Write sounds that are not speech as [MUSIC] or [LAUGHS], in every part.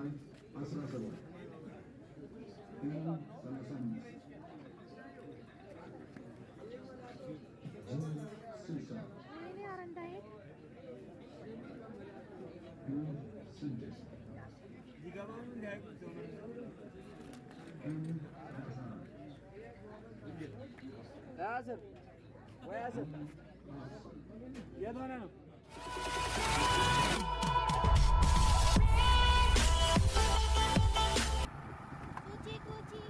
David Asrasova. Ümran Sarasan Jun Susa. Aynı arandayız. Gül Sünce. Ligamanın ne? Gül Hasan. Hazır. Vay hazır. Gel oynayalım. 自己。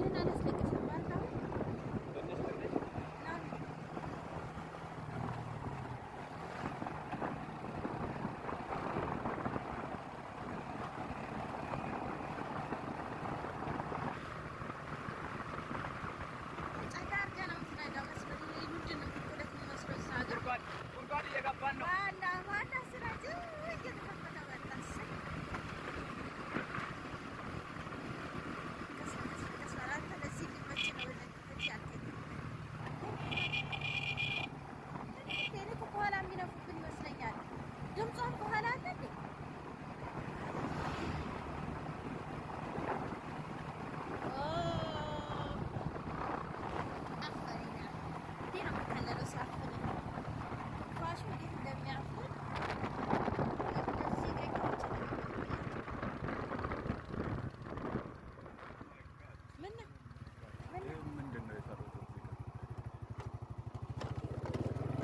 大変だね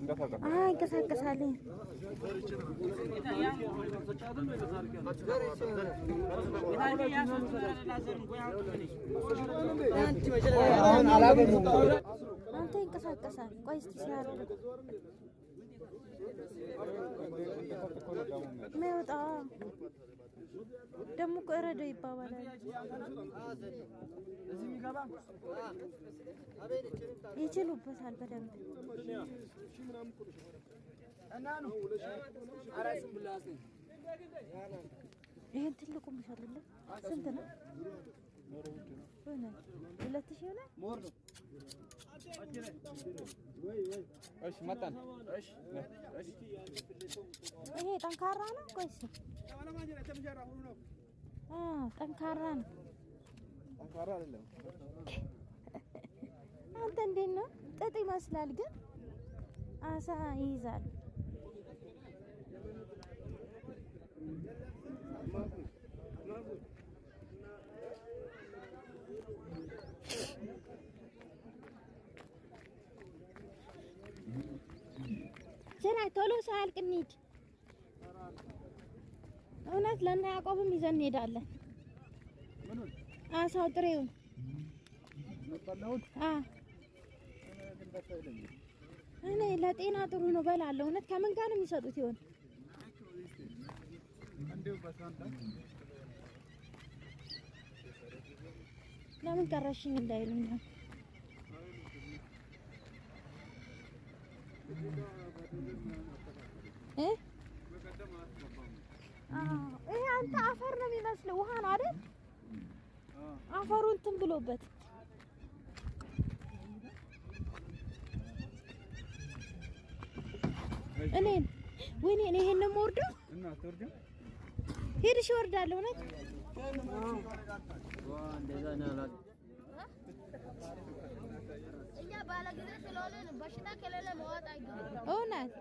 እንቀሳቀሳል። አንተ ይንቀሳቀሳል። ቆይ እስኪ ሲያደርግ የሚወጣው ደግሞ ቀረደ ይባባላል። ይችሉበታል በደንብ ይህን ትልቁ ምሻልለ ስንት ነው? ሁለት ሺህ ሆነ። ይሄ ጠንካራ ነው ወይስ ጠንካራ ነው። ጠንካራ አይደለም። አንተ እንዴት ነው? ጥጥ ይመስላል ግን አሳ ይይዛል። ስራ ቶሎ ሰው አልቅኒድ እውነት ለእነ ያዕቆብም ይዘን እንሄዳለን። አሳው ጥሬውን እኔ ለጤና ጥሩ ነው በላለሁ። እውነት ከምን ጋር ነው የሚሰጡት ይሆን? ለምን ቀረሽኝ እንዳይሉኝ እ ይሄ አንተ አፈር ነው የሚመስለው፣ ውሃ ነው አይደል? አፈሩ እንትን ብሎበት እኔን ወይኔ፣ እኔ ይሄን ነው የምወርደው። ሄድሽ እወርዳለሁ ነች እኛ ባለጊዜ ስለሆነ በሽታ ከሌለ መዋጥ እውነት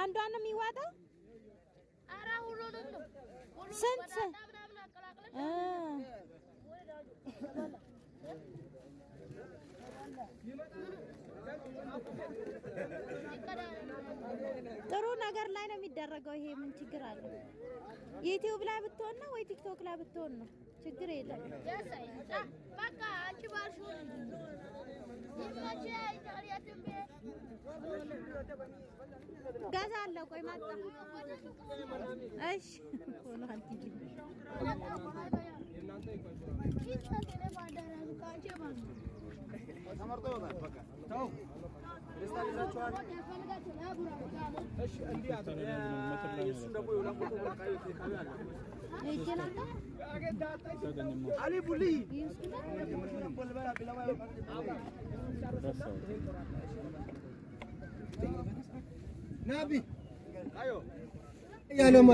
አንዷን ነው የሚዋጣው? ኧረ ሁሉንም ነው። ስንት ጥሩ ነገር ላይ ነው የሚደረገው። ይሄ ምን ችግር አለ? ዩቲዩብ ላይ ብትሆን ነው ወይ ቲክቶክ ላይ ብትሆን ነው ችግር የለም። ጋዛ አለ። ቆይ ማጣ እሺ፣ ሆኖ አልቲጂ ናቢ ያለማ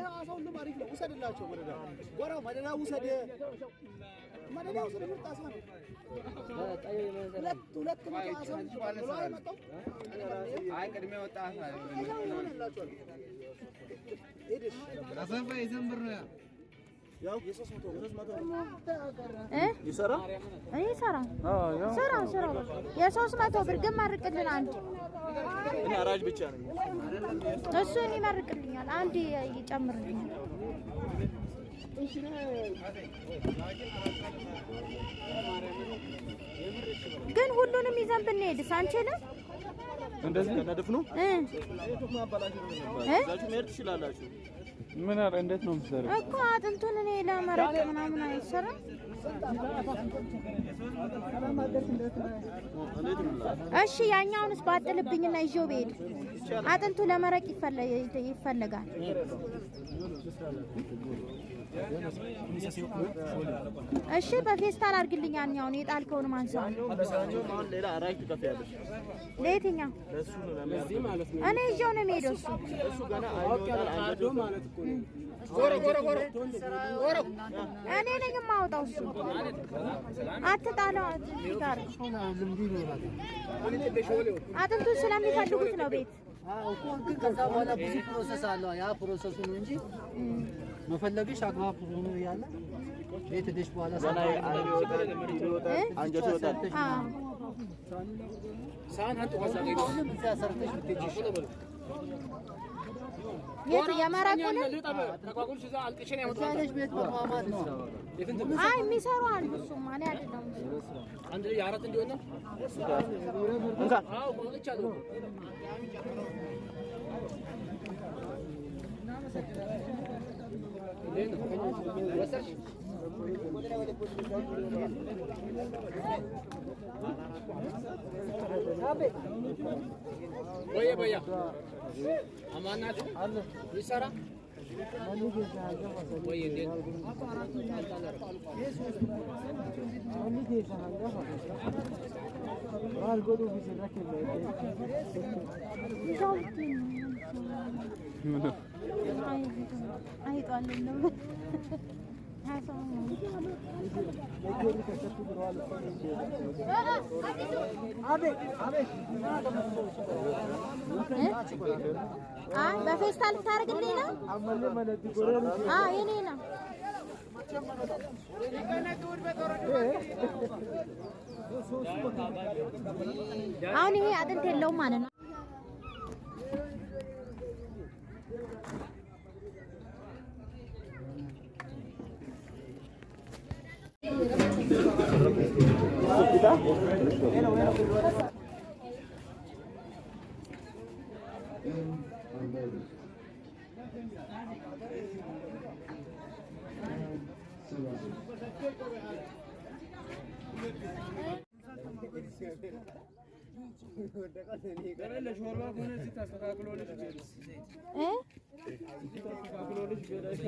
አሳው ሁሉም አሪፍ ነው። ውሰድላቸው መደዳ ጎራው መደዳ ውሰድ፣ መደዳ ውሰድ። ምርጥ አሳ ነው። ሁለት ሁለት መቶ አሳ ነው የመጣው። አይ ቅድሚያ ወጣ አሳ ነው። የሶስት መቶ ብር ግን መርቅልን አንድ አራጅ ብቻ ነኝ። እሱን ይመርቅልኛል አንድ ይጨምርልኛል። ግን ሁሉንም ይዘን ብንሄድስ አንችልም? እንደዚህ ከነድፍ ነው እ ምን አረ እንዴት ነው የምትሰራው? እኮ አጥንቱን እኔ ለመረቅ ምናምን አይሰራም። እሺ ያኛውንስ ባጥልብኝና ይዤው ብሄድ አጥንቱ ለመረቅ ይፈለጋል። እሺ በፌስታል አድርግልኝ። ያኛውን የጣልከውን ማንሳው ለየትኛው? እኔ ይዤው ነው የሚሄደው እሱ እኔ ነኝ የማወጣው። እሱ አትጣለው። አጥንቱን ስለሚፈልጉት ነው ቤት። ከዛ በኋላ ብዙ ፕሮሰስ አለ። ያ ፕሮሰሱ ነው እንጂ መፈለግሽ አግባብ ሆኖ ያለ ትንሽ በኋላ የሚሰሩ አሉ። Boya boya. Amanat. Nisara. Boya değil. Var godu bizi rakip. Güzel. [LAUGHS] በፌስታል ታደርግልኝ ነው የኔ ነው። አሁን ይሄ አጥንት የለውም ማለት ነው። en andayız. Sivas'ın. Karayla çorba bunu zitas kakul olmuş diyoruz. He? Kakul ee? olmuş diyoruz.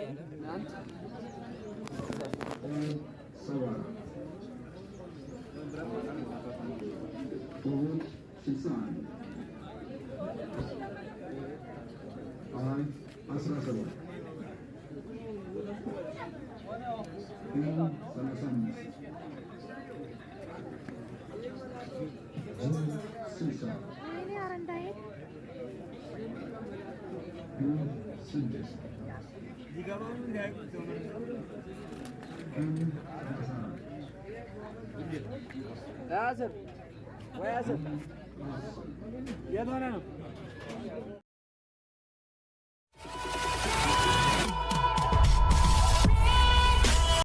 يا ياسر وياسر يا دون انا